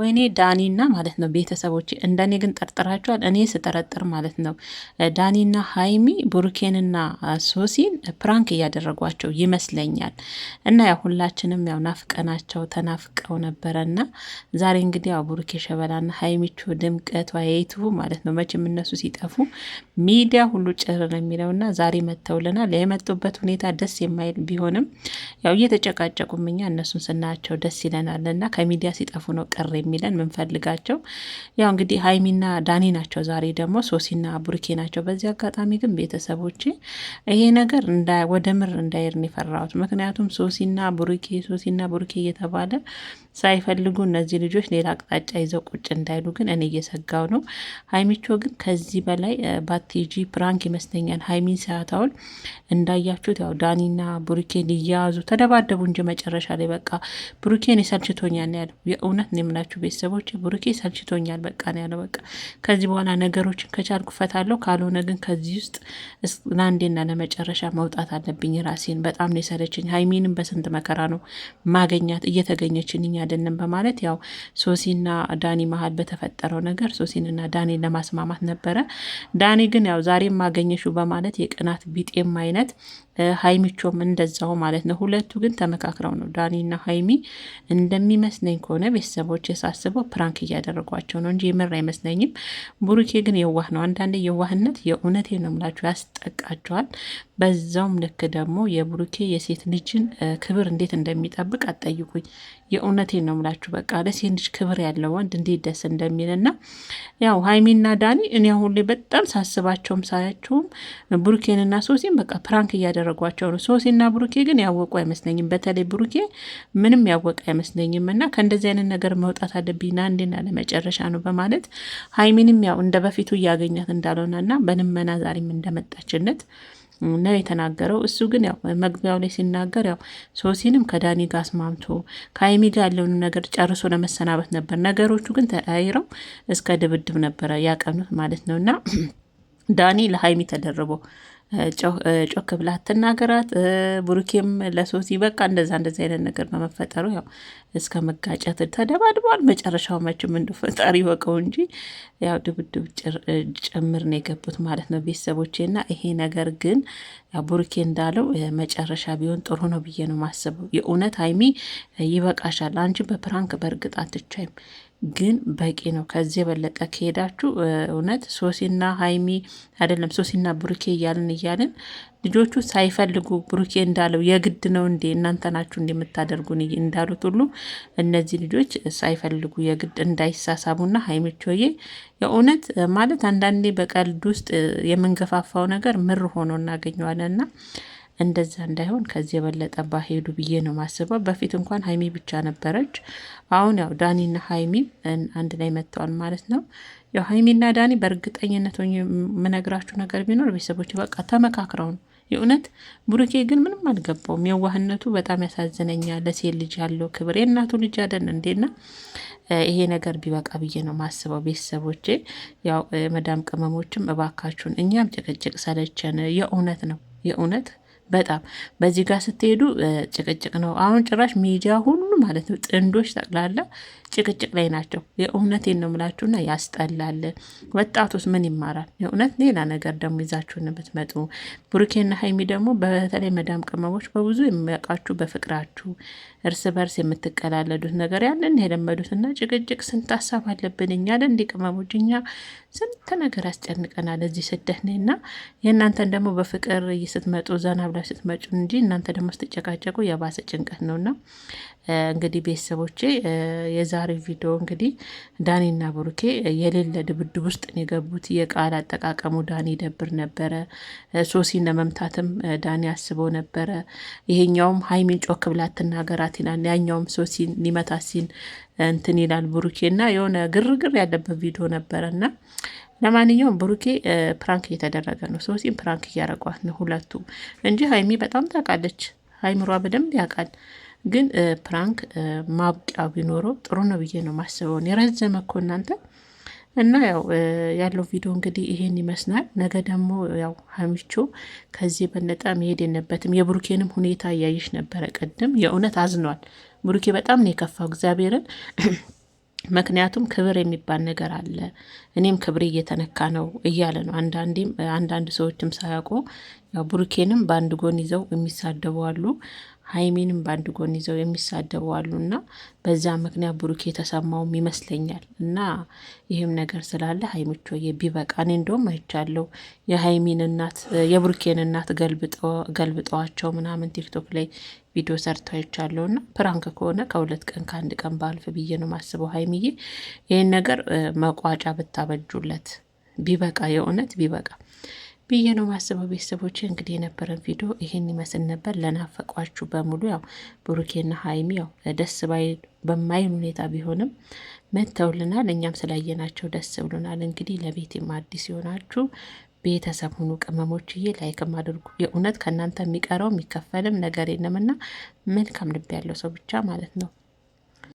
ወይኔ ዳኒና ማለት ነው ቤተሰቦች፣ እንደኔ ግን ጠርጥራችኋል። እኔ ስጠረጥር ማለት ነው ዳኒና ሀይሚ ብሩኬንና ሶሲን ፕራንክ እያደረጓቸው ይመስለኛል። እና ያው ሁላችንም ያው ናፍቀናቸው ተናፍቀው ነበረና ዛሬ እንግዲህ ያው ሸበላ ሸበላና ሀይሚቹ ድምቀት ዋየይቱ ማለት ነው። መቼም እነሱ ሲጠፉ ሚዲያ ሁሉ ጭር ነው የሚለውና ዛሬ መጥተውልናል። የመጡበት ሁኔታ ደስ የማይል ቢሆንም ያው እየተጨቃጨቁም እኛ እነሱን ስናያቸው ደስ ይለናል። እና ከሚዲያ ሲጠፉ ነው ቅር የሚለን የምንፈልጋቸው ያው እንግዲህ ሀይሚና ዳኒ ናቸው። ዛሬ ደግሞ ሶሲና ቡርኬ ናቸው። በዚህ አጋጣሚ ግን ቤተሰቦች ይሄ ነገር ወደ ምር እንዳይርን የፈራሁት። ምክንያቱም ሶሲና ቡርኬ ሶሲና ቡርኬ እየተባለ ሳይፈልጉ እነዚህ ልጆች ሌላ አቅጣጫ ይዘው ቁጭ እንዳይሉ ግን እኔ እየሰጋው ነው። ሀይሚቾ ግን ከዚህ በላይ ባቲጂ ፕራንክ ይመስለኛል ሀይሚን ሳያታውል እንዳያችሁት ያው ዳኒና ብሩኬን ሊያያዙ ተደባደቡ እንጂ መጨረሻ ላይ በቃ ብሩኬን የሰልችቶኛ ያለው የእውነት ነው የምላችሁ። ያላችሁ ቤተሰቦች ብሩኬ ሰልችቶኛል በቃ ነው ያለው። በቃ ከዚህ በኋላ ነገሮችን ከቻልኩ ፈታለሁ፣ ካልሆነ ግን ከዚህ ውስጥ ለአንዴና ለመጨረሻ መውጣት አለብኝ ራሴን። በጣም ነው የሰለችኝ። ሀይሚንም በስንት መከራ ነው ማገኛት እየተገኘችንኝ አይደለም በማለት ያው ሶሲና ዳኒ መሀል በተፈጠረው ነገር ሶሲንና ዳኒን ለማስማማት ነበረ። ዳኒ ግን ያው ዛሬ ማገኘሹ በማለት የቅናት ቢጤም አይነት ሀይሚቾም እንደዛው ማለት ነው። ሁለቱ ግን ተመካክረው ነው ዳኒና ሀይሚ እንደሚመስለኝ ከሆነ ቤተሰቦች ሳስበው ፕራንክ እያደረጓቸው ነው እንጂ የምር አይመስለኝም። ቡሩኬ ግን የዋህ ነው። አንዳንዴ የዋህነት የእውነቴ ነው የምላችሁ ያስጠቃቸዋል። በዛውም ልክ ደግሞ የቡሩኬ የሴት ልጅን ክብር እንዴት እንደሚጠብቅ አጠይቁኝ። የእውነቴን ነው ምላችሁ። በቃ ለሴት ልጅ ክብር ያለው ወንድ እንዴት ደስ እንደሚልና ያው ሀይሚና ዳኒ እኔ አሁን ላይ በጣም ሳስባቸውም ሳያቸውም ብሩኬንና ሶሲን በቃ ፕራንክ እያደረጓቸው ነው። ሶሲና ብሩኬ ግን ያወቁ አይመስለኝም። በተለይ ብሩኬ ምንም ያወቀ አይመስለኝም። እና ከእንደዚህ አይነት ነገር መውጣት አለብኝና እንዴና ለመጨረሻ ነው በማለት ሀይሚንም ያው እንደ በፊቱ እያገኛት እንዳልሆነና በልመና ዛሬም እንደመጣችነት ነው የተናገረው። እሱ ግን ያው መግቢያው ላይ ሲናገር ያው ሶሲንም ከዳኒ ጋር አስማምቶ ከአይሚ ጋር ያለውን ነገር ጨርሶ ለመሰናበት ነበር። ነገሮቹ ግን ተያይረው እስከ ድብድብ ነበረ ያቀኑት ማለት ነው እና ዳኒ ለሀይሚ ተደርቦ ጮክ ብላ ትናገራት። ብሩኬም ለሶሲ በቃ እንደዛ እንደዚ አይነት ነገር በመፈጠሩ ያው እስከ መጋጨት ተደባድቧል። መጨረሻው መቼም እንደ ፈጣሪ ይወቀው እንጂ ያው ድብድብ ጭምር ነው የገቡት ማለት ነው እና ይሄ ነገር ግን ቡሩኬ እንዳለው መጨረሻ ቢሆን ጥሩ ነው ብዬ ነው ማስበው። የእውነት ሀይሚ ይበቃሻል። አንቺ በፕራንክ በእርግጥ አትቻይም ግን በቂ ነው። ከዚህ የበለቀ ከሄዳችሁ እውነት ሶሲና ሀይሚ አይደለም ሶሲና ብሩኬ እያልን እያልን ልጆቹ ሳይፈልጉ ብሩኬ እንዳለው የግድ ነው እንዴ እናንተ ናችሁ እንደምታደርጉን እንዳሉት ሁሉ እነዚህ ልጆች ሳይፈልጉ የግድ እንዳይሳሳቡና ሀይሚቾዬ የእውነት ማለት አንዳንዴ በቀልድ ውስጥ የምንገፋፋው ነገር ምር ሆኖ እናገኘዋለንና እንደዛ እንዳይሆን ከዚህ የበለጠ ባሄዱ ብዬ ነው ማስበው። በፊት እንኳን ሀይሚ ብቻ ነበረች። አሁን ያው ዳኒና ሀይሚ አንድ ላይ መጥተዋል ማለት ነው። ያው ሀይሚና ዳኒ በእርግጠኝነት የምነግራችሁ ነገር ቢኖር ቤተሰቦች በቃ ተመካክረው ነው የእውነት ብሩኬ ግን ምንም አልገባውም። የዋህነቱ በጣም ያሳዝነኛል። ለሴት ልጅ ያለው ክብር የእናቱ ልጅ አደን እንዴና ይሄ ነገር ቢበቃ ብዬ ነው ማስበው። ቤተሰቦቼ ያው መዳም ቅመሞችም እባካችሁን፣ እኛም ጭቅጭቅ ሰለቸን። የእውነት ነው የእውነት በጣም በዚህ ጋር ስትሄዱ ጭቅጭቅ ነው። አሁን ጭራሽ ሚዲያ ሁሉ ማለት ነው ጥንዶች ጠቅላላ ጭቅጭቅ ላይ ናቸው። የእውነት ነው ምላችሁና ያስጠላል። ወጣቱስ ምን ይማራል? የእውነት ሌላ ነገር ደግሞ ይዛችሁን ብትመጡ። ብሩኬና ሀይሚ ደግሞ በተለይ መዳም ቅመሞች በብዙ የሚያውቃችሁ በፍቅራችሁ እርስ በርስ የምትቀላለዱት ነገር ያለን የለመዱትና ጭቅጭቅ ስንት ሀሳብ አለብን እኛ ለእንዲ ቅመሞች እኛ ስንት ነገር ያስጨንቀናል እዚህ ስደት እና የእናንተን ደግሞ በፍቅር ስትመጡ ዘና ብላ አብራችሁ ስትመጩ እንጂ እናንተ ደግሞ ስትጨቃጨቁ የባሰ ጭንቀት ነው። ነውና፣ እንግዲህ ቤተሰቦቼ የዛሬ ቪዲዮ እንግዲህ ዳኒና ብሩኬ የሌለ ድብድብ ውስጥ የገቡት የቃል አጠቃቀሙ ዳኒ ደብር ነበረ። ሶሲን ለመምታትም ዳኒ አስበው ነበረ። ይሄኛውም ሀይሚን ጮክ ብላ አትናገራት ይላል፣ ያኛውም ሶሲን ሊመታ ሲል እንትን ይላል ብሩኬ እና የሆነ ግርግር ያለበት ቪዲዮ ነበረ እና ለማንኛውም ብሩኬ ፕራንክ እየተደረገ ነው። ሶሲም ፕራንክ እያረጓት ነው ሁለቱ እንጂ ሀይሚ በጣም ታውቃለች። ሀይምሯ በደንብ ያውቃል። ግን ፕራንክ ማብቂያ ቢኖረው ጥሩ ነው ብዬ ነው ማስበውን የረዘመ እኮ እናንተ እና ያው ያለው ቪዲዮ እንግዲህ ይሄን ይመስላል። ነገ ደግሞ ያው ሀሚቾ ከዚህ የበለጠ መሄድ የለበትም። የብሩኬንም ሁኔታ እያየሽ ነበረ ቅድም። የእውነት አዝኗል ብሩኬ፣ በጣም ነው የከፋው እግዚአብሔርን ምክንያቱም ክብር የሚባል ነገር አለ። እኔም ክብሬ እየተነካ ነው እያለ ነው። አንዳንዴም አንዳንድ ሰዎችም ሳያውቁ ያው ብሩኬንም በአንድ ጎን ይዘው የሚሳደቡ አሉ። ሀይሜንም በአንድ ጎን ይዘው የሚሳደቡ አሉ እና በዛ ምክንያት ብሩኬ የተሰማውም ይመስለኛል እና ይህም ነገር ስላለ ሀይሚቾዬ ቢበቃ እኔ እንደውም አይቻለሁ የሀይሚን እናት የብሩኬን እናት ገልብጠዋቸው ምናምን ቲክቶክ ላይ ቪዲዮ ሰርተው አይቻለሁ እና ፕራንክ ከሆነ ከሁለት ቀን ከአንድ ቀን ባልፍ ብዬ ነው ማስበው። ሀይሚዬ ይህን ነገር መቋጫ ብታበጁለት ቢበቃ የእውነት ቢበቃ ብዬ ነው ማስበው። ቤተሰቦች እንግዲህ የነበረን ቪዲዮ ይህን ይመስል ነበር። ለናፈቋችሁ በሙሉ ያው ብሩኬና ሀይሚ ያው ደስ ባይ በማይል ሁኔታ ቢሆንም መተውልናል። እኛም ስላየናቸው ደስ ብሎናል። እንግዲህ ለቤቴም አዲስ ይሆናችሁ ቤተሰብ ሁኑ ቅመሞችዬ፣ ላይክም አድርጉ። የእውነት ከእናንተ የሚቀረው የሚከፈልም ነገር የለምና መልካም ልብ ያለው ሰው ብቻ ማለት ነው